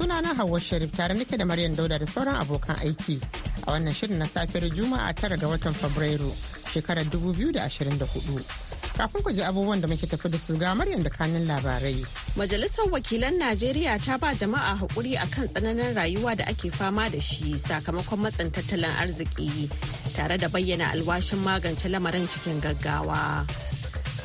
suna na hawa Sharif tare nake da Maryam Dauda da sauran abokan aiki a wannan shirin na safiyar Juma'a tara ga watan Fabrairu shekarar 2024. Kafin ku ji abubuwan da muke tafi da su ga Maryam da kanin labarai. Majalisar Wakilan Najeriya ta ba jama'a haƙuri akan tsananin rayuwa da ake fama da shi sakamakon matsin tattalin arziki tare da bayyana alwashin magance lamarin cikin gaggawa.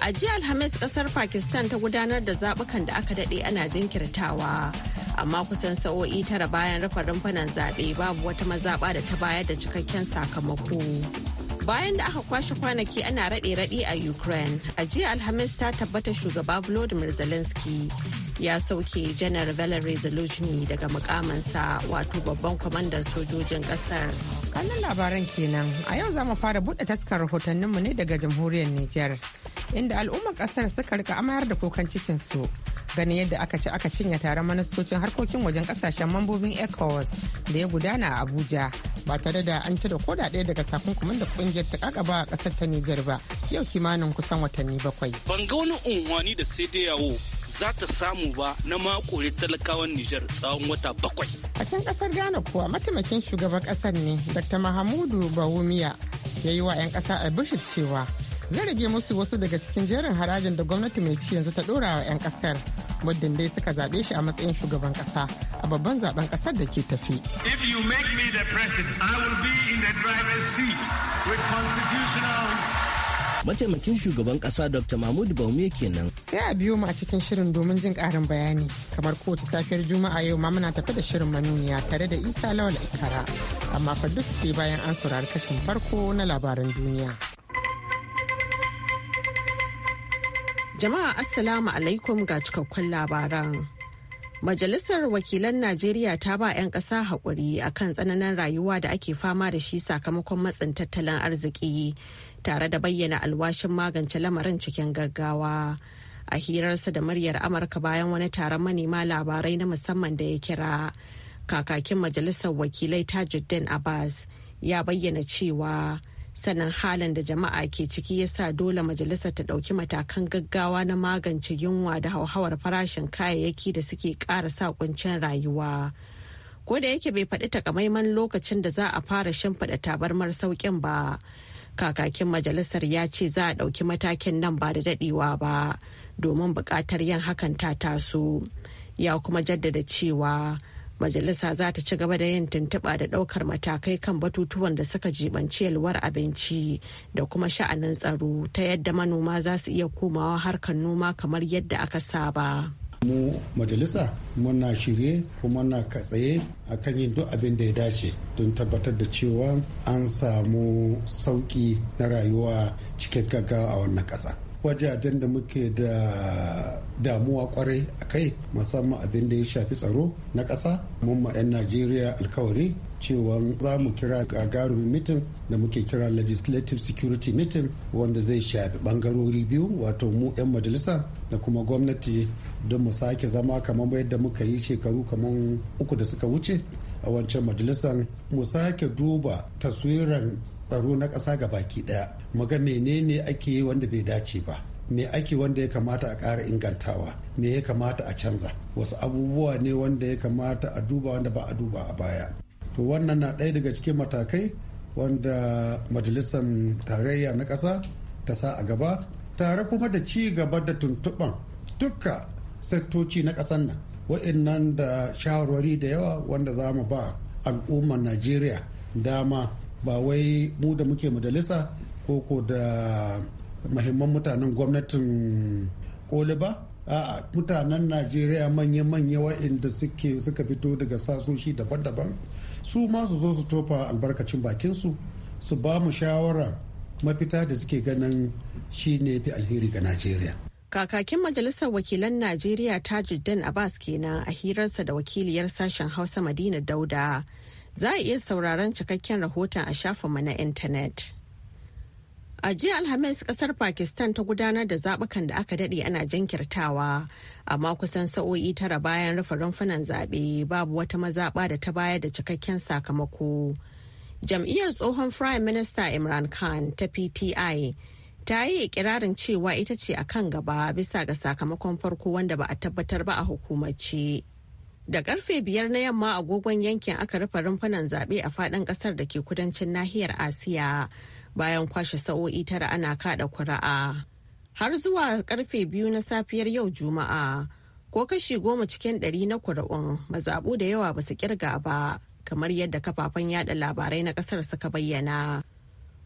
A jiya Alhamis kasar Pakistan ta gudanar da zabukan da aka dade ana jinkirtawa. Amma kusan sa'o'i tara bayan rufe rumfunan zaɓe babu wata mazaɓa da ta bayar da cikakken sakamako. Bayan da aka kwashe kwanaki ana raɗe-raɗe a Ukraine, a jiya Alhamis ta tabbata shugaba Volodymyr Zelensky ya sauke janar valery zelensky daga mukamansa wato babban kwamandan sojojin kasar kallon labaran kenan a yau za mu fara buɗe taskar rahotanninmu ne daga jamhuriyar nijar inda al'ummar kasar suka rika amayar da kukan cikinsu gani yadda aka ci aka cinye taron ministocin harkokin wajen kasashen mambobin ecowas da ya gudana a abuja ba tare da an cire da ɗaya daga takunkumin da kungiyar ta ba a ƙasar ta nijar ba yau kimanin kusan watanni bakwai ban ga wani unwani da sai da yawo za ta samu ba na makore talakawan Nijar tsawon wata bakwai. A can kasar Ghana kuwa mataimakin shugaban kasar ne Dr. Mahamudu Bawumia ya yi wa 'yan kasa albishir cewa zai rage musu wasu daga cikin jerin harajin da gwamnati mai ci yanzu ta dora wa 'yan kasar muddin dai suka zaɓe shi a matsayin shugaban kasa a babban zaben kasar da ke tafi. If you make me the president, I will be in the driver's seat with constitutional mataimakin shugaban kasa dr mahmud baume kenan sai a biyo mu a cikin shirin domin jin karin bayani kamar kowace safiyar juma'a yau ma muna tafi da shirin manuniya tare da isa lawal ikara amma fa duk sai bayan an saurari kashin farko na labaran duniya jama'a assalamu alaikum ga cikakkun labaran Majalisar Wakilan Najeriya ta ba 'yan ƙasa haƙuri akan tsananin rayuwa da ake fama da shi sakamakon matsin tattalin arziki tare da bayyana alwashin magance lamarin cikin gaggawa. A hirarsa da muryar Amurka bayan wani taron manema labarai na musamman da ya kira kakakin majalisar wakilai Tajuddin Abbas ya bayyana cewa sanin halin da jama'a ke ciki ya sa dole majalisar ta ɗauki matakan gaggawa na magance yunwa da hauhawar farashin kayayyaki da suke ƙara sa kuncin rayuwa. Ko da yake bai faɗi takamaiman lokacin da za a fara shimfiɗa tabarmar sauƙin ba, kakakin majalisar ya ce za a ɗauki matakin nan ba da daɗewa ba domin buƙatar yin hakan ta taso ya kuma jaddada cewa majalisa za ta ci gaba da yin tuntuɓa da ɗaukar matakai kan batutuwan da suka jibanci yalwar abinci da kuma sha'anin tsaro ta yadda manoma za su iya komawa harkar noma kamar yadda aka saba. mu majalisa muna shirye kuma na katsaye akan yin duk abin da ya dace don tabbatar da cewa an samu sauki na rayuwa cikin gaggawa a wannan ƙasa. wajajen da muke da damuwa kwarai a kai musamman abin da ya shafi tsaro na ƙasa mun ma 'yan najeriya alkawari cewa za mu kira gagarumin mitin da muke kira legislative security meeting wanda zai shafi bangarori biyu wato mu 'yan majalisa da kuma gwamnati don mu sake zama kamar yadda muka yi shekaru kamar uku da suka wuce a wancan majalisar mu sake duba taswiran tsaro na ƙasa ga baki ɗaya mu ga menene ake yi wanda bai dace ba me ake wanda ya kamata a ƙara ingantawa me ya kamata a canza wasu abubuwa ne wanda ya kamata a duba wanda ba a duba a baya to wannan na ɗaya daga cikin matakai wanda majalisar tarayya na ƙasa ta sa a gaba tare kuma da ci gaba da tuntuɓan dukka sektoci na ƙasar nan wa'annan da shawarwari da yawa wanda za mu ba al'ummar najeriya dama ba wai mu da muke majalisa ko ko da mahimman mutanen gwamnatin koli ba a'a mutanen najeriya manya-manya wa'inda suke suka fito daga sasoshi daban-daban su ma su zo su tofa albarkacin bakinsu su ba mu shawara mafita da suke ganin shi ne fi alheri ga najeriya Kakakin Majalisar Wakilan Najeriya Tajuddin Abbas kenan a hirarsa da wakiliyar sashen Hausa Madina Dauda. Za a iya sauraron cikakken rahoton a shafinmu na intanet. A jiya Alhamis kasar Pakistan ta gudanar da zabukan da aka dade ana jinkirtawa, amma kusan sa'o'i tara bayan rufe rumfunan zaɓe babu wata mazaɓa da ta bayar da cikakken sakamako. Jam'iyyar tsohon Prime Minister Imran Khan ta PTI ta yi ikirarin cewa ita ce a kan gaba bisa ga sakamakon farko wanda ba a tabbatar ba a hukumace. Da karfe biyar na yamma agogon yankin aka rufe rumfunan zaɓe a faɗin ƙasar da ke kudancin nahiyar Asiya bayan kwashe sa'o'i tara ana kaɗa kura'a Har zuwa karfe biyu na safiyar yau Juma'a, ko kashi goma cikin ɗari na kuri'un mazaɓu da yawa ba su kirga ba, kamar yadda kafafen yada labarai na ƙasar suka bayyana.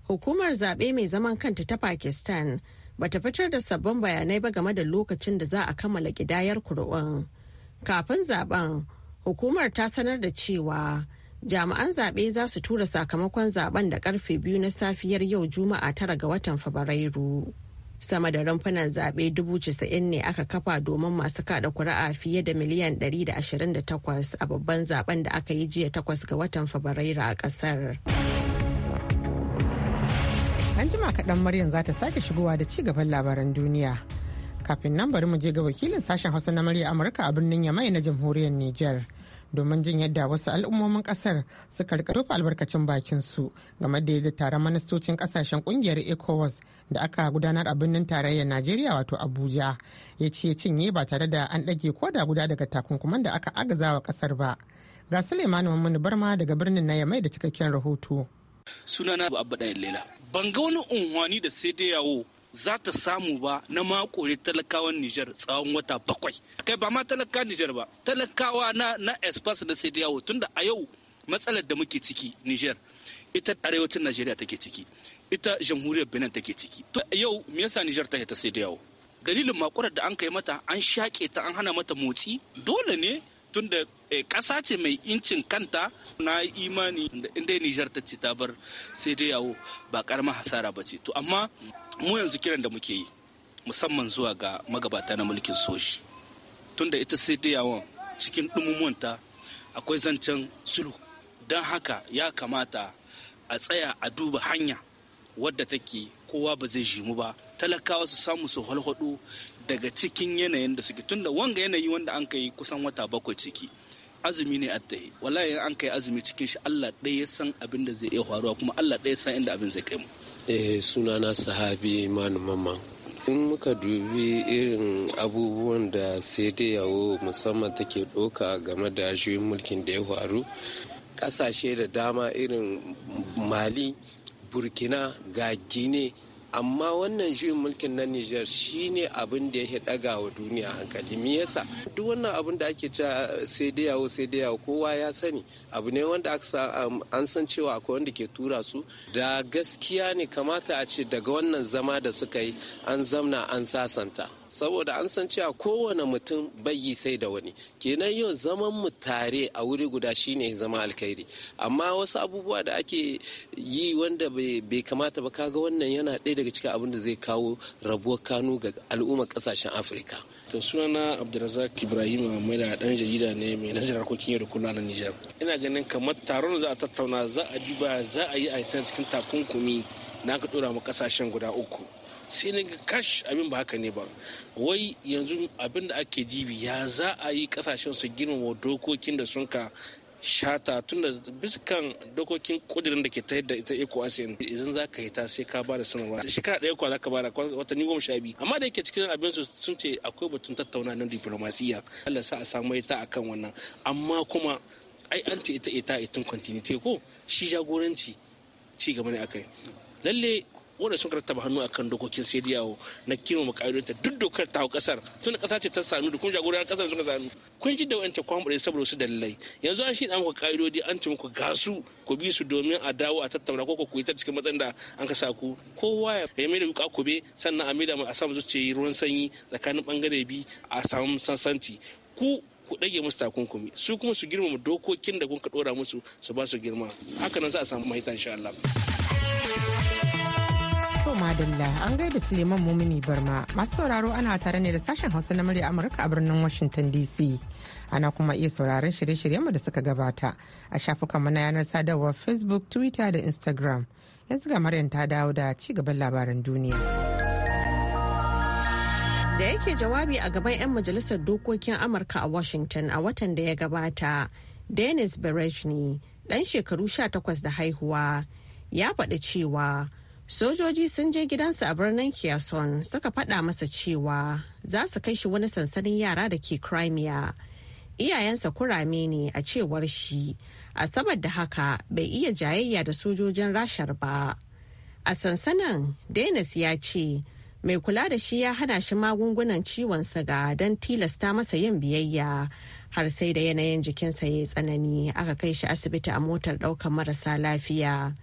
Hukumar zaɓe mai zaman kanta ta Pakistan bata fitar da sabbin bayanai ba game da lokacin da za a kammala ƙidayar kuri'un. Kafin zaben, hukumar ta sanar da cewa jami'an zaɓe za su tura sakamakon zaben da karfe biyu na safiyar yau juma'a tara ga watan fabrairu sama da rumfunan zaɓe dubu casa'in ne aka kafa domin masu kada kuri'a fiye da miliyan da da ashirin takwas a babban zaben da aka yi jiya takwas ga watan fabrairu a ƙasar. An jima kaɗan Maryam za ta sake shigowa da ci gaban labaran duniya. Kafin nan bari mu je ga wakilin sashen Hausa na Murya Amurka a birnin Yamai na Jamhuriyar Nijar. domin jin yadda wasu al'ummomin kasar suka rika tofa albarkacin bakin su game da yadda taron ministocin kasashen kungiyar ecowas da aka gudanar a birnin tarayyar najeriya wato abuja ya ce cinye ba tare da an ɗage ko da guda daga takunkuman da aka agazawa kasar ba ga suleiman mamman barma daga birnin na yamai da cikakken rahoto sunana abu abba lela ban ga wani unwani da sai dai yawo za ta samu ba na makore talakawan Nijar tsawon wata bakwai. Kai ba ma talaka Nijar ba, talakawa na na espas da sai yawo tunda a yau matsalar da muke ciki Nijar ita arewacin Najeriya take ciki, ita jamhuriyar Benin take ciki. Yau me yasa Nijar take ta sai yawo? Dalilin makurar da an kai mata an shaƙe ta an hana mata motsi dole ne tunda eh, ƙasa ce mai incin kanta na imani inda Nijar ta ce ta bar sai dai yawo ba ƙaramin hasara ba ce to amma mu yanzu kiran da muke yi musamman zuwa ga magabata na mulkin soshi tunda ita sai dai yawon cikin ɗumumuwanta akwai zancen sulhu don haka ya kamata a tsaya a duba hanya wadda take kowa ba zai jimu ba talakawa su samu su halhado daga cikin yanayin da suke tunda wanga yanayi wanda an kai kusan wata bakwai ciki azumi ne a tsaye wallahi an kai azumi cikin shi Allah ɗaya ya san abin da zai iya faruwa kuma Allah ɗaya san inda abin zai kai mu eh sunana sahabi Imanu Mamman in muka dubi irin abubuwan da sai dai yawo musamman take ɗauka game da shi mulkin da ya faru ƙasashe da dama irin mali burkina ga gine amma wannan juyin mulkin na niger shi ne abin da ya daga wa duniya hankali mi yasa duk wannan abin da ake cewa sai da yawo sai da yawo kowa ya sani abu ne wanda an san cewa akwai wanda ke tura su da gaskiya ne kamata a ce daga wannan zama da suka yi an zamna an sasanta saboda an san cewa kowane mutum bayyi sai da wani kenan yau zaman mu tare a wuri guda shine zama alkhairi amma wasu abubuwa da ake yi wanda bai kamata ba kaga wannan yana ɗaya daga cikin abin da zai kawo rabuwar kanu ga al'ummar ƙasashen afirka to sunana abdulrazak ibrahim mai da dan jarida ne mai nazarin harkokin yau da kullum na nijar ina ganin kamar taron za a tattauna za a duba za a yi a cikin takunkumi na ka dora mu kasashen guda uku sai na ga kash abin ba haka ne ba wai yanzu abin da ake jibi ya za a yi kasashen su girmama dokokin da sun ka shata tun da biskan dokokin kudirin da ke ta yadda ita eco asin idan za ka yi ta sai ka ba da sanarwa da shekara ɗaya kwa za ka ba da watanni goma sha biyu amma da yake cikin abin su sun ce akwai batun tattauna na diplomasiya Allah sa a samu ita kan wannan amma kuma ai an ce ita ita itin continuity ko shi jagoranci ci gaba ne akai lalle wanda sun rattaba hannu akan dokokin sai yawo na kirma ta duk dokar ta hau kasar tun kasa ce ta sanu da kuma jagoran kasar suka sanu kun ji da wancan kwamfure saboda su dalilai yanzu an shirya muku ka'idodi an ce muku gasu ku bi su domin a dawo a tattauna ko ku yi ta cikin matsayin da an ka sa ku kowa ya mai da wuka kube sannan a mai da a samu zuciya ruwan sanyi tsakanin bangare bi a samu sansanci ku ku dage musu takunkumi su kuma su girmama dokokin da kun ka dora musu su ba su girma haka nan za a samu mahita insha Allah. To madalla an gaida Suleiman Mumini Barma masu sauraro ana tare ne da sashen Hausa na murya Amurka a birnin Washington DC. Ana kuma iya sauraron shirye mu da suka gabata a mu na yanar sadarwar Facebook, Twitter da Instagram. Yanzu ga Maryam ta dawo da ci gaban labaran duniya. Da yake jawabi a gaban 'yan majalisar dokokin Amurka a Washington a watan da ya gabata, Dennis Berejny, dan shekaru 18 da haihuwa, ya faɗi cewa sojoji sun je gidansa a birnin kiason suka faɗa masa cewa za su kai shi wani sansanin yara da ke crimea iyayensa kurame ne a cewar shi a da haka bai iya jayayya da sojojin rashar ba a sansanin dennis ya ce mai kula da shi ya hana shi magungunan ciwon siga don tilasta masa yin biyayya har sai da yanayin jikinsa ya yi tsanani aka kai shi asibiti a motar ɗaukar marasa lafiya.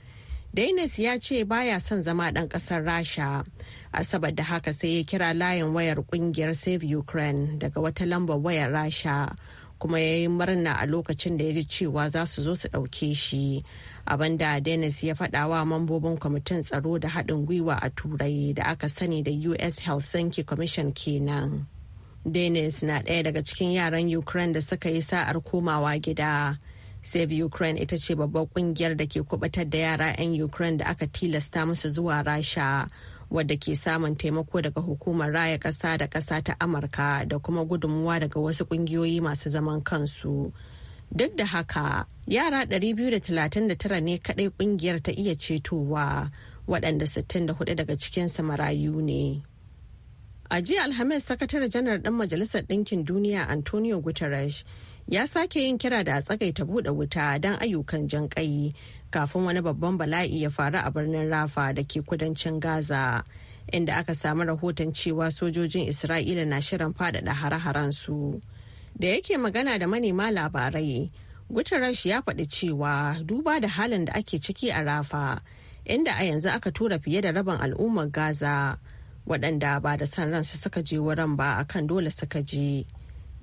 Dainis ya ce baya son zama ɗan ƙasar Rasha. Asabar da haka sai ya kira layin wayar ƙungiyar Save Ukraine daga wata lambar wayar Rasha. kuma ya yi murna a lokacin da ya ji cewa za su zo su ɗauke shi abinda dennis ya faɗa wa mambobin kwamitin tsaro da haɗin gwiwa a turai da aka sani da us helsinki commission kenan dennis na ɗaya daga cikin yaran ukraine da suka yi sa'ar komawa gida Save Ukraine ita ce babbar kungiyar da ke kubatar da yara 'yan Ukraine da aka tilasta musu zuwa Rasha wadda ke samun taimako daga hukumar raya ƙasa da ƙasa ta Amurka da kuma gudunmuwa daga wasu kungiyoyi masu zaman kansu. Duk da haka, yara 239 ne kadai kungiyar ta iya cetowa waɗanda 64 daga cikinsa marayu ne. A jiya Alhamis Sakatare Janar ɗan Majalisar Ɗinkin Duniya Antonio Guterres ya sake yin kira da a tsagaita buɗe wuta don ayyukan jan ƙai kafin wani babban bala'i ya faru a birnin rafa da ke kudancin gaza inda aka samu rahoton cewa sojojin isra'ila na shirin faɗaɗa hare-haren su da yake magana da manema labarai guterres ya faɗi cewa duba da halin da ake ciki a rafa inda a yanzu aka tura fiye da rabin al'ummar gaza waɗanda ba da san ransu suka je wurin ba akan dole suka je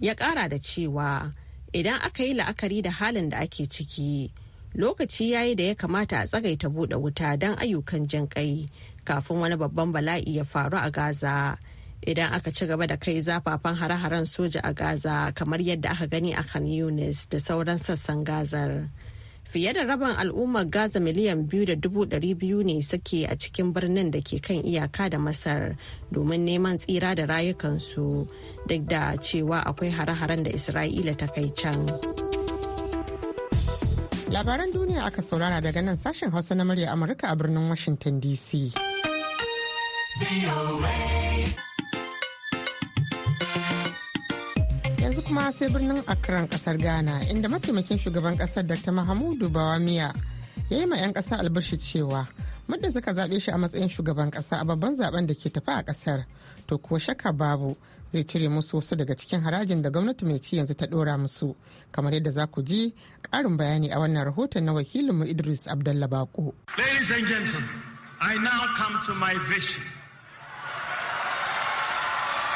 ya ƙara da cewa idan aka yi la'akari da halin da ake ciki lokaci yayi da ya kamata a tsagaita buɗe wuta don ayyukan jin kai kafin wani babban bala'i ya faru a gaza idan aka ci gaba da kai zafafan hare-haren soja a gaza kamar yadda aka gani a kan yunis da sauran sassan gazar Fiye da rabin al'ummar Gaza miliyan biyu da dubu ɗari biyu ne suke a cikin birnin da ke kan iyaka da Masar domin neman tsira da rayukansu duk da cewa akwai hare-haren da Isra'ila ta kai can. Labaran duniya aka saurara daga nan sashen Hausa na murya Amurka a birnin Washington DC. yanzu kuma sai birnin akran kasar Ghana inda mataimakin shugaban kasar Dr. Mahamudu Bawamiya ya yi ma 'yan kasa albashi cewa muddin suka zaɓe shi a matsayin shugaban kasa a babban zaben da ke tafi a kasar to kuwa shakka babu zai cire musu wasu daga cikin harajin da gwamnati mai ci yanzu ta ɗora musu kamar yadda za ku ji ƙarin bayani a wannan rahoton na wakilinmu Idris Abdullahi Bako. Ladies and gentlemen, I now come to my vision.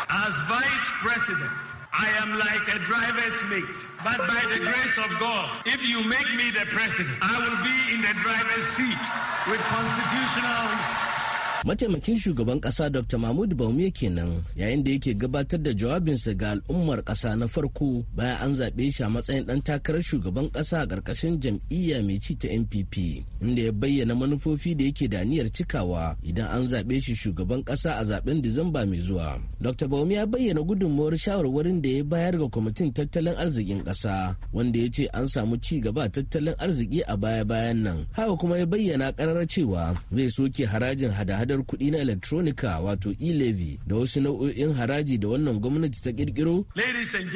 As Vice President, I am like a driver's mate. But by the grace of God, if you make me the president, I will be in the driver's seat with constitutional mataimakin shugaban kasa dr mahmud baume kenan yayin da yake gabatar da jawabinsa ga al'ummar kasa na farko bayan an zaɓe shi a matsayin ɗan takarar shugaban kasa a ƙarƙashin jam'iyya mai ci ta npp inda ya bayyana manufofi da yake da niyyar cikawa idan an zaɓe shi shugaban kasa a zaɓen disamba mai zuwa dr baume ya bayyana gudunmuwar shawarwarin da ya bayar ga kwamitin tattalin arzikin kasa wanda ya ce an samu ci gaba a tattalin arziki a baya-bayan nan haka kuma ya bayyana ƙarar cewa zai soke harajin hada-hadar hada-hadar kuɗi na electronica wato e-levy da wasu nau'o'in haraji da wannan gwamnati ta kirkiro. Ladies and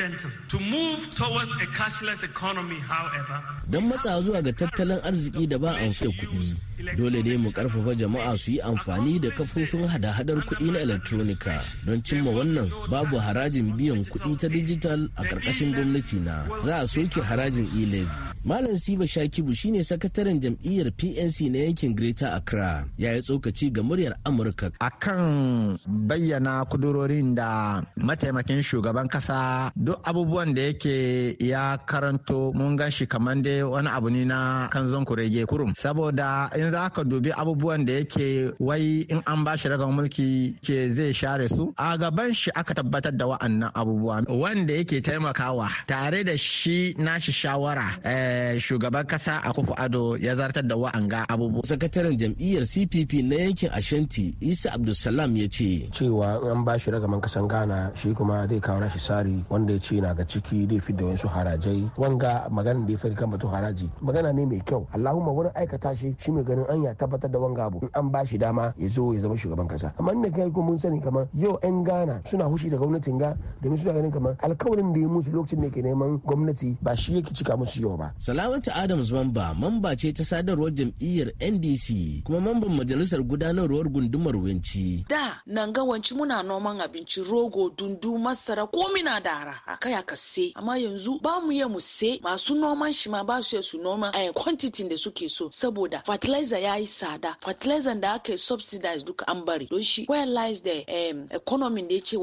move towards a economy however. Don matsa zuwa ga tattalin arziki da ba amfani kuɗi. Dole ne mu karfafa jama'a su yi amfani da kafofin hada-hadar kuɗi na electronica don cimma wannan babu harajin biyan kuɗi ta digital a ƙarƙashin gwamnati na. Za a soke harajin e-levy. Malam Siba Shakibu shine sakataren jam'iyyar PNC na yankin Greater Accra. Ya yi tsokaci ga murya muryar Amurka. Akan bayyana kudurorin da mataimakin shugaban kasa duk abubuwan da yake ya karanto mun gan shi kamar dai wani abu ne na kanzon kurege kurum. Saboda in za ka dubi abubuwan da yake wai in an ba shi ragan mulki ke zai share su. A gaban shi aka tabbatar da wa'annan abubuwa wanda yake taimakawa tare da shi nashi shawara eh, shugaban kasa a kufu ado ya zartar da wa'anga abubuwa. Sakataren jam'iyyar CPP na yankin ashirin Ashanti Isa Abdulsalam ya ce. Cewa an bashi shi ragaman kasan Ghana shi kuma zai kawo nashi sari wanda ya ce na ga ciki zai fi da wasu harajai. Wanga magana da ya fari kan batun haraji magana ne mai kyau. Allahumma wurin aikata shi shi mai ganin an ya tabbatar da wanga abu in an ba shi dama ya zo ya zama shugaban kasa. Amma inda kai kuma mun sani kamar yau 'yan Ghana suna hushi da gwamnatin ga domin suna ganin kamar alkawarin da ya musu lokacin da ke neman gwamnati ba shi yake cika musu yau ba. Salamatu Adams Mamba mamba ce ta sadarwar jam'iyyar NDC kuma mamban majalisar gudanarwar karamar gundumar wanci. Da nan ga Wenci muna noman abinci rogo, dundu, masara ko mina da araha kai aka se amma yanzu ba mu yi mu se masu noman shi ma ba su su noma a eh, quantity da suke so saboda fertilizer ya yi tsada fertilizer da aka subsidize duka an bari don shi where lies the um, economy da ya ce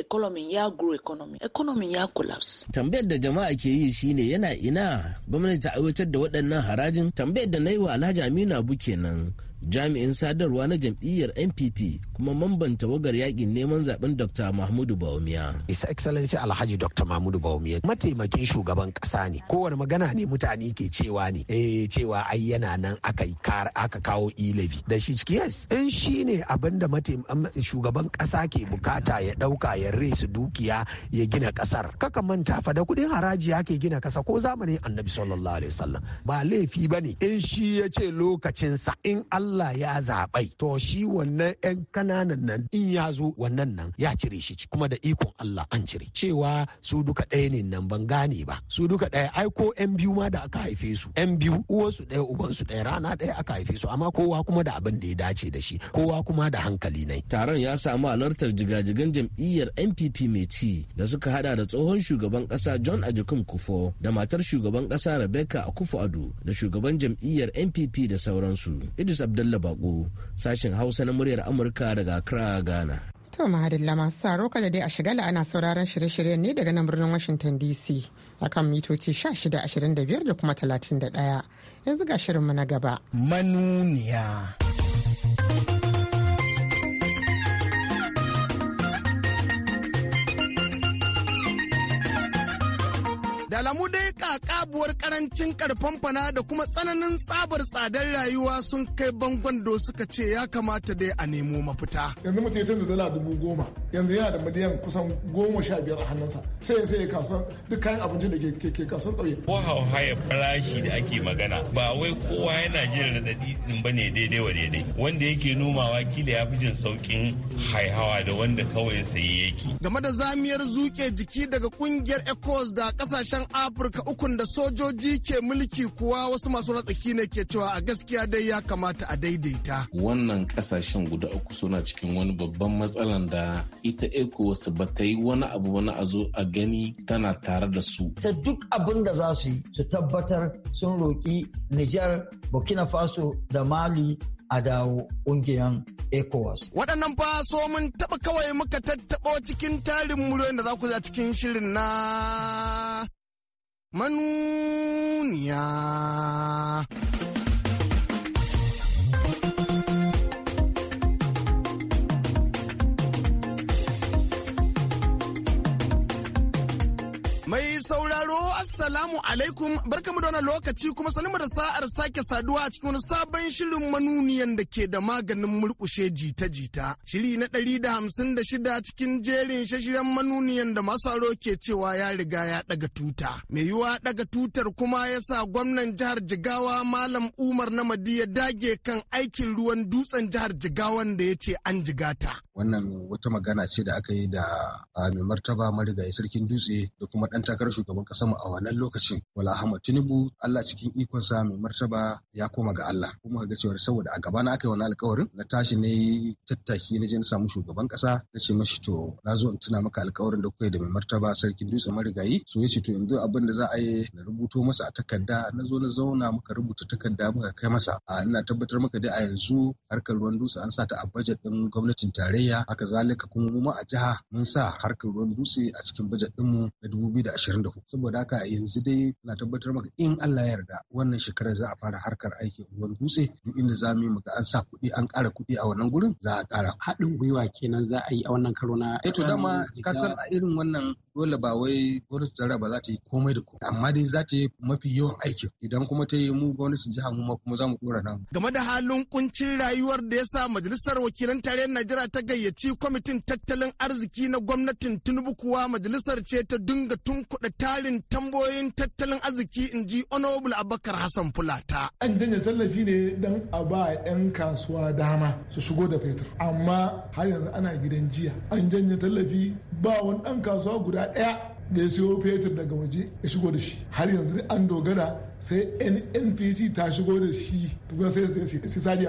economy ya grow economy economy ya collapse. Tambayar da jama'a ke yi shine yana ina gwamnati ta aiwatar da waɗannan harajin tambayar da na yi wa Alhaji Aminu Abu kenan jami'in sadarwa na jam'iyyar npp kuma mamban tawagar yakin neman zaben dr mahmudu bawumia his excellency alhaji dr mahmudu bawumia mataimakin shugaban kasa ne kowane magana ne mutane ke cewa ne eh cewa ai yana nan aka aka kawo ilabi da shi ciki yes in shi ne abin da shugaban kasa ke bukata ya dauka ya resu dukiya ya gina kasar kaka manta fa da kudin haraji yake gina kasa ko zamanin annabi sallallahu alaihi wasallam ba laifi bane in shi ya ce lokacin sa in Allah Allah ya zaɓai to shi wannan 'yan kananan nan in ya zo wannan nan ya cire shi kuma da ikon Allah an cire cewa su duka ɗaya ne nan ban gane ba su duka ɗaya ai ko 'yan biyu ma da aka haife su 'yan biyu uwansu ɗaya ubansu ɗaya rana ɗaya aka haife su amma kowa kuma da abin da ya dace da shi kowa kuma da hankali ne. Taron ya samu halartar jigajigan jam'iyyar NPP mai ci da suka hada da tsohon shugaban kasa John Ajikun Kufo da matar shugaban kasa Rebecca akufo ado da shugaban jam'iyyar NPP da sauransu. Idris Abdul Abdalla Bako sashen Hausa na muryar Amurka daga Accra Ghana. To mahadalla masu saro kada dai a shigala ana sauraron shirye-shiryen ne daga nan birnin Washington DC akan mitoci 1625 da kuma 31 yanzu ga shirinmu na gaba. Manuniya. Da alamu dai kakabuwar karancin karfan fana da kuma tsananin tsabar tsadar rayuwa sun kai bangon do suka ce ya kamata dai a nemo mafita. Yanzu mace ya da dala dubu goma yanzu yana da miliyan kusan goma sha biyar a hannunsa sai sai kasuwan duk kayan abincin da ke kasuwan ƙauye. Ko hauhaya farashi da ake magana ba wai kowa yana jin raɗaɗi ɗin ba ne daidai wa daidai wanda yake nomawa kila ya fi jin sauƙin haihawa da wanda kawai saye yake. Game da zamiyar zuke jiki daga ƙungiyar ECOWAS da ƙasashen kasashen afirka ukun da sojoji ke mulki kuwa wasu masu ratsaki ne ke cewa a gaskiya dai ya kamata a daidaita wannan kasashen guda uku suna cikin wani babban matsalan da ita ecowas ba ta yi wani abu wani a zo a gani tana tare da su ta duk abin da za su yi su tabbatar sun roƙi niger burkina faso da mali a dawo ƙungiyar ECOWAS. Waɗannan fa so mun taɓa kawai muka tattaɓo cikin tarin muryoyin da za ku za cikin shirin na manuniya. Mai sauraro Assalamu alaikum barkamu da wani lokaci kuma salimu da sa'ar sake saduwa a cikin wani sabon shirin manuniyan da ke da maganin murkushe jita-jita. Shiri na ɗari da hamsin da shida cikin jerin shashiren manuniyan da masu aro ke cewa ya riga ya ɗaga tuta. Mai yiwuwa ɗaga tutar kuma ya sa gwamnan jihar Jigawa Malam Umar Namadi ya dage kan aikin ruwan dutsen jihar Jigawan da ya ce an jigata. Wannan wata magana ce da aka yi da ah, mai martaba marigayi sarkin dutse da kuma ɗan takarar shugaban ƙasa mu a wannan lokacin wala ahmad tinubu allah cikin ikon sa mai martaba ya koma ga allah kuma ga cewa saboda a gaba na aka yi wani alƙawarin na tashi ne tattaki na je na samu shugaban kasa na ce mashi to na zo in tuna maka alkawarin da kuka da mai martaba sarkin dutse marigayi so ya ce to yanzu abin da za a yi na rubuto masa a takarda na zo na zauna muka rubuta takarda muka kai masa a ina tabbatar maka dai a yanzu harkar ruwan dutse an sa ta a bajet din gwamnatin tarayya haka zalika kuma mu ma a jiha mun sa harkar ruwan dutse a cikin bajet din mu na 2024 saboda haka yanzu yanzu dai na tabbatar maka in Allah ya yarda wannan shekarar za a fara harkar aikin ruwan dutse duk inda za mu yi muka an sa kuɗi an ƙara kuɗi a wannan gurin za a ƙara. Haɗin gwiwa kenan za a yi a wannan karo na. Eh to dama ka san a irin wannan dole ba wai gwamnati tarayya ba za ta yi komai da komai amma dai za ta yi mafi yawan aikin idan kuma ta yi mu gwamnatin jiha mu kuma za mu ɗora nan. Game da halin kuncin rayuwar da ya sa majalisar wakilan tarayyar Najeriya ta gayyaci kwamitin tattalin arziki na gwamnatin Tinubu kuwa majalisar ce ta dinga tunkuɗa tarin tambayoyi hanyoyin tattalin arziki in ji honorable abakar hassan fulata an janye tallafi ne don a ba 'yan kasuwa dama su shigo da fetur amma har yanzu ana gidan jiya an janye tallafi ba wani ɗan kasuwa guda ɗaya da ya siyo fetur daga waje ya shigo da shi har yanzu an dogara sai nnpc ta shigo da shi tukuna sai sai sai sai sai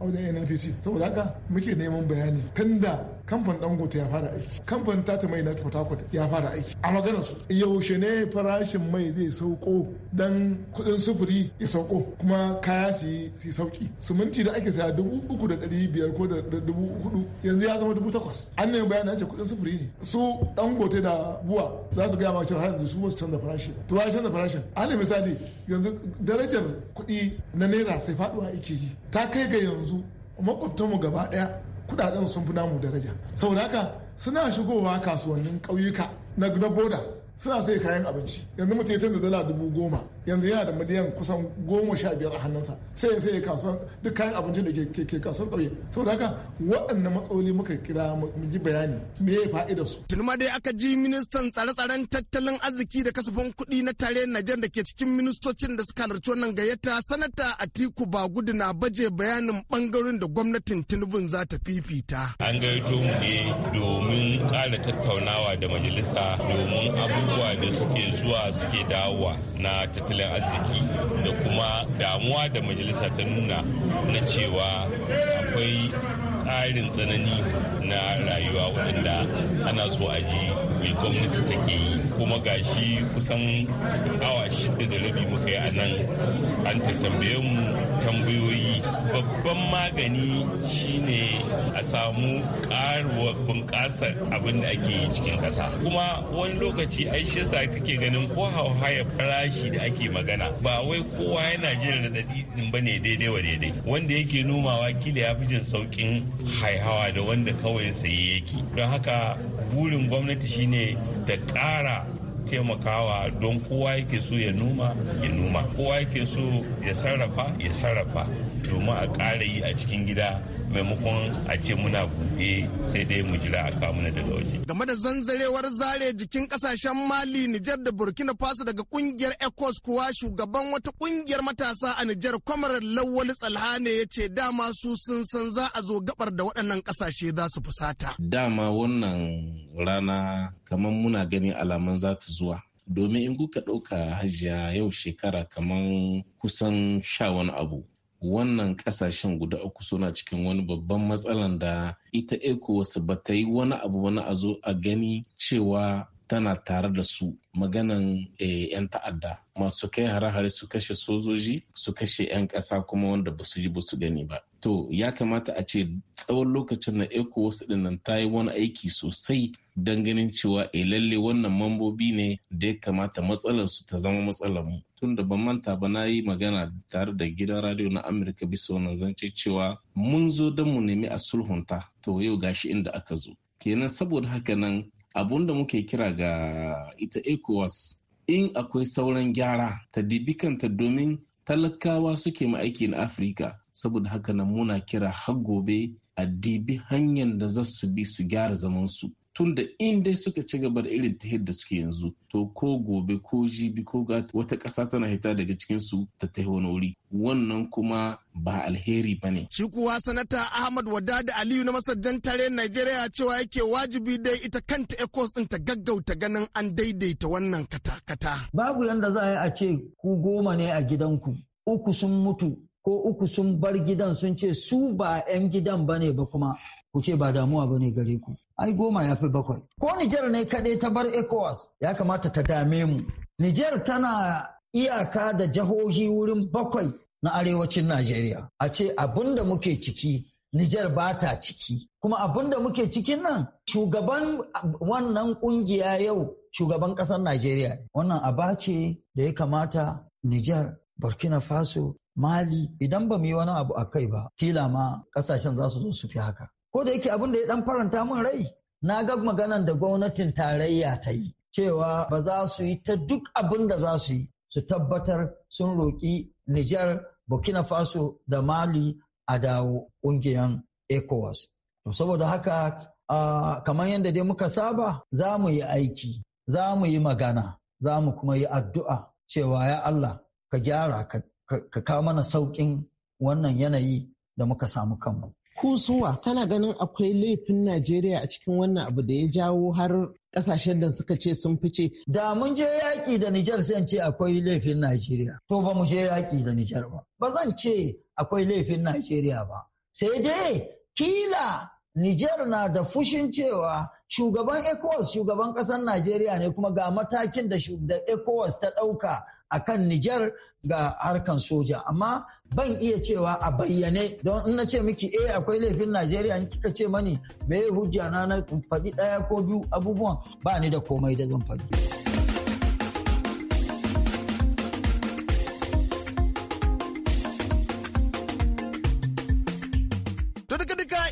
wajen nnpc saboda haka muke neman bayani tunda kamfan dangote ya fara aiki kamfan tata mai na port ya fara aiki a maganar su yaushe ne farashin mai zai sauko dan kudin sufuri ya sauko kuma kaya su yi sauki siminti da ake saya dubu uku da dari biyar ko da dubu hudu yanzu ya zama dubu takwas an ne bayan an ce kudin sufuri ne su dangote da buwa za su gaya ma cewa har yanzu su wasu canza farashi to ya canza farashin alal misali yanzu darajar kuɗi na naira sai faduwa ake yi ta kai ga yanzu makwabtanmu gaba daya kudaden sun fi namu daraja saboda haka suna shigowa kasuwannin ƙauyuka na boda suna sai kayan abinci yanzu mutum ya canza dala dubu goma yanzu yana da miliyan kusan goma sha biyar a hannunsa sai sai kasuwar duk kayan abincin da ke kasuwar kauye saboda haka waɗannan matsaloli muka kira mu ji bayani me ya da su ma dai aka ji ministan tsare-tsaren tattalin arziki da kasafin kuɗi na tare Najar da ke cikin ministocin da suka halarci wannan gayyata sanata Atiku Bagudu na baje bayanin bangarorin da gwamnatin Tinubun za ta fifita an gayyato mu ne domin ƙara tattaunawa da majalisa domin abubuwa da suke zuwa suke dawowa na tattalin tattalin arziki da kuma damuwa da majalisa ta nuna na cewa akwai tsarin tsanani na rayuwa waɗanda ana so a ji mai gwamnati take yi kuma ga shi kusan awa shida da rabi muka yi a nan an tattambaye mu tambayoyi babban magani shine a samu karuwa bunƙasar abin da ake yi cikin ƙasa kuma wani lokaci ai shi sa kake ganin ko hauhaya farashi da ake magana ba wai kowa yana jin raɗaɗi din bane daidai wa daidai wanda yake nomawa kila ya fi jin sauƙin haihawa da wanda kawai ya saye yake don haka burin gwamnati shine ta kara. taimakawa don kowa yake so ya noma ya noma kowa yake so ya sarrafa ya sarrafa domin a ƙara yi a cikin gida maimakon a ce muna buɗe sai dai mu jira a kamuna daga waje. Game da zanzarewar zare jikin kasashen Mali, Nijar da Burkina Faso daga kungiyar ecos kuwa shugaban wata kungiyar matasa a Nijar kwamar Lawal Tsalha ne ya ce dama su sun san za a zo gabar da waɗannan kasashe za su fusata. Dama wannan rana kamar muna gani alaman za zuwa domin in kuka ɗauka hajiya yau shekara kamar kusan sha wani abu wannan kasashen guda uku suna cikin wani babban matsalan da ita ecowas ba ta yi wani abu wani a zo a gani cewa tana tare da su maganan eh, 'yan ta'adda masu kai hare-hare su kashe sojoji su kashe 'yan ƙasa kuma wanda ba su ji ba su gani ba to ya kamata a ce tsawon lokacin na eko wasu dinnan ta yi wani aiki sosai don ganin cewa e lalle wannan mambobi ne da ya kamata matsalar su ta zama matsalar mu Tunda ban manta ba na yi magana tare da gidan radio na amurka bisa wannan zance cewa mun zo don mu nemi a sulhunta to yau gashi inda aka zo kenan saboda haka nan abun da muke kira ga ita ecowas in akwai sauran gyara ta dibi domin talakawa suke ma'aiki na afirka saboda haka nan muna kira har gobe a dibi hanyar da za su bi su gyara zamansu tun da inda suka ci gaba da irin ta da suke yanzu to ko gobe ko jibi ko wata ƙasa tana hita daga cikin su ta taho wuri wannan kuma ba alheri ba ne. Shi kuwa sanata Ahmad da Aliyu na masajan tare Najeriya cewa yake wajibi dai ita kanta ECOS ɗin ta gaggauta ganin an daidaita wannan kata-kata. Babu yanda za a yi a ce ku goma ne a gidanku, uku sun mutu ko uku sun bar gidan sun ce su ba 'yan gidan ba ne ba kuma ku ce ba damuwa ba ne gare ku ai goma ya fi bakwai ko Nijar ne kaɗai ta bar ECOWAS ya kamata ta dame mu Nijar tana iyaka da jihohi wurin bakwai na arewacin Najeriya a ce abin da muke ciki Nijar ba ta ciki. Kuma abin da muke cikin nan shugaban wannan ƙungiya yau shugaban ƙasar Najeriya. Wannan aba ce da ya kamata Nijar, Burkina Faso, mali idan ba mu yi wani abu a kai ba kila ma kasashen za su zo su fi haka ko da yake abin da ya dan faranta min rai na ga maganan da gwamnatin tarayya ta yi cewa ba za su yi ta duk abin da za su yi su tabbatar sun roƙi Niger, Burkina Faso da Mali a dawo ƙungiyan ECOWAS. Saboda haka kamar yadda dai muka saba za mu yi aiki, za mu yi magana, za mu kuma yi addu'a cewa ya Allah ka gyara ka ka kawo mana sauƙin wannan yanayi da muka samu kanmu. Kusuwa kana ganin akwai laifin Najeriya a cikin wannan abu da ya jawo har kasashen da suka ce sun fice. Da mun je yaƙi da Nijar sai ce akwai laifin Najeriya. To ba mu je yaƙi da Nijar ba. Ba zan ce akwai laifin Najeriya ba. Sai dai kila Nijar na da fushin cewa shugaban ECOWAS shugaban ƙasar Najeriya ne kuma ga matakin da ECOWAS ta ɗauka a kan Nijar ga harkan soja amma ban iya cewa a bayyane don in na ce miki eh akwai laifin Najeriya in kika ce mani me hujja na na faɗi ɗaya ko biyu abubuwan ba ni da komai da zan faɗi.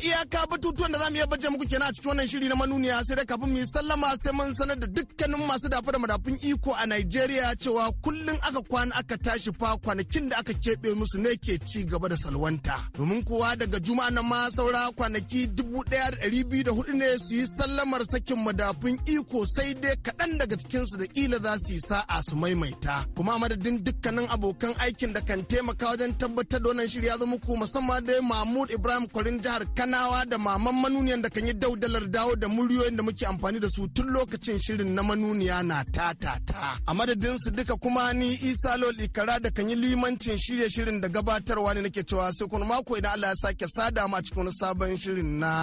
iyaka batutuwan da za mu iya baje muku kenan a cikin wannan shiri na manuniya sai dai kafin mu yi sallama sai mun sanar da dukkanin masu dafa da madafun iko a Najeriya cewa kullum aka kwana aka tashi fa kwanakin da aka keɓe musu ne ke ci gaba da salwanta. Domin kowa daga juma'a na ma saura kwanaki dubu ɗaya da ɗari biyu da hudu ne su yi sallamar sakin madafun iko sai dai kaɗan daga cikinsu da ƙila za su yi sa'a su maimaita. Kuma madadin dukkanin abokan aikin da kan taimaka wajen tabbatar da wannan shiri ya zo muku musamman dai Mahmud Ibrahim Kwarin jihar Kano. kanawa da maman manuniyan da kan yi daudalar dawo da muryoyin da muke amfani da su tun lokacin shirin na manuniya na ta ta ta a madadin su duka kuma ni isa lol ikara da kan yi limancin shirye shirin da gabatarwa ne nake cewa sai kuma mako idan allah ya sake sada ma cikin wani sabon shirin na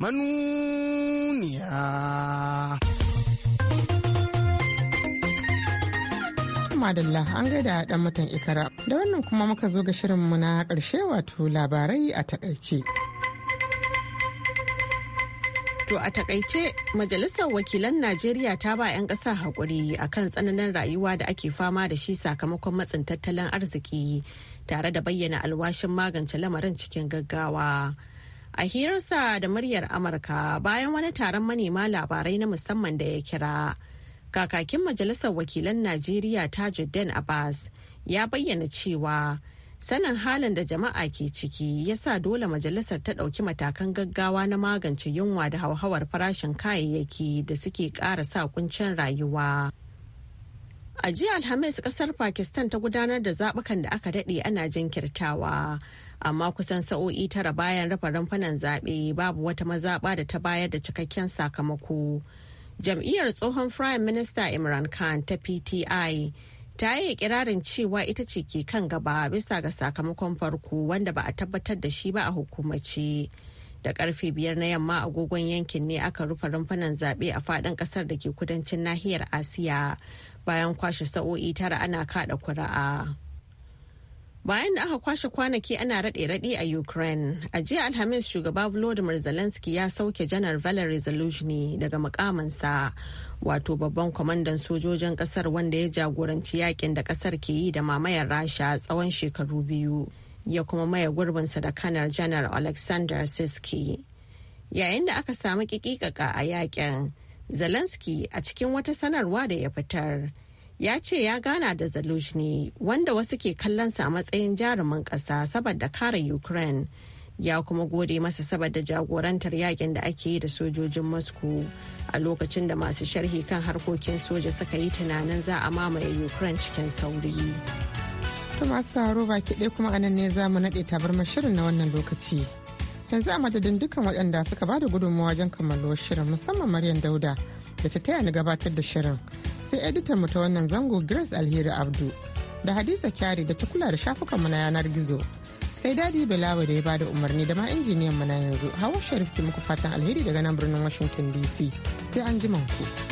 manuniya madalla an gaida dan matan ikara da wannan kuma muka zo ga shirinmu na karshe wato labarai a takaice. To a takaice Majalisar Wakilan Najeriya ta ba 'yan ƙasa haƙuri akan tsananin rayuwa da ake fama da shi sakamakon matsin tattalin arziki tare da bayyana alwashin magance lamarin cikin gaggawa. A hirarsa da muryar Amurka bayan wani taron manema labarai na musamman da ya kira. kakakin majalisar wakilan najeriya tajuddin abbas ya bayyana cewa sanin halin da jama'a ke ciki ya sa dole majalisar ta ɗauki matakan gaggawa na magance yunwa da hauhawar farashin kayayyaki da suke ƙara sa kuncin rayuwa a jiya alhamis kasar pakistan ta gudanar da zaɓukan da aka daɗe ana jinkirtawa amma kusan sa'o'i tara bayan rafa rumfunan zaɓe babu wata mazaɓa da ta bayar da cikakken sakamako jam'iyyar tsohon firayim minista imran khan ta pti ta yi ikirarin cewa ita ce ke kan gaba bisa ga sakamakon farko wanda ba a tabbatar da shi ba a hukumace da karfe biyar na yamma agogon yankin ne aka rufe rumfunan zaɓe a faɗin ƙasar da ke kudancin nahiyar asiya bayan kwashe sa'o'i tara ana kaɗa kuri'a. Bayan da aka kwashe kwanaki ana raɗe-raɗe a Ukraine, a jiya Alhamis shugaba Volodymyr Zelensky ya sauke janar Valery Zelensky daga makamansa wato babban kwamandan sojojin kasar wanda ya jagoranci yakin da kasar ke yi da mamayar Rasha tsawon shekaru biyu, ya kuma maye gurbinsa da kanar janar Alexander Siski. Yayin da aka samu kikikaka a yakin, Zelensky a cikin wata sanarwa da ya fitar. ya ce ya gana da zalushni wanda wasu ke kallonsa a matsayin jarumin ƙasa saboda kare Ukraine. Ya kuma gode masa saboda jagorantar yakin da ake yi da sojojin Moscow a lokacin da masu sharhi kan harkokin soja suka yi tunanin za a mamaye Ukraine cikin sauri. To masu saro baki ɗaya kuma anan ne za mu naɗe tabar shirin na wannan lokaci. Yanzu a madadin dukkan waɗanda suka bada gudunmawa wajen kammaluwar shirin musamman Maryam Dauda da ta taya ni gabatar da shirin. sai editan mu ta wannan zango Grace Alheri Abdu da Hadiza Kyari da ta kula da shafukan mu na yanar gizo. Sai Dadi Bilawa da ya bada umarni da ma injiniyan mu na yanzu. Hawa Sharif ki muku fatan alheri daga nan birnin Washington DC. Sai an ku.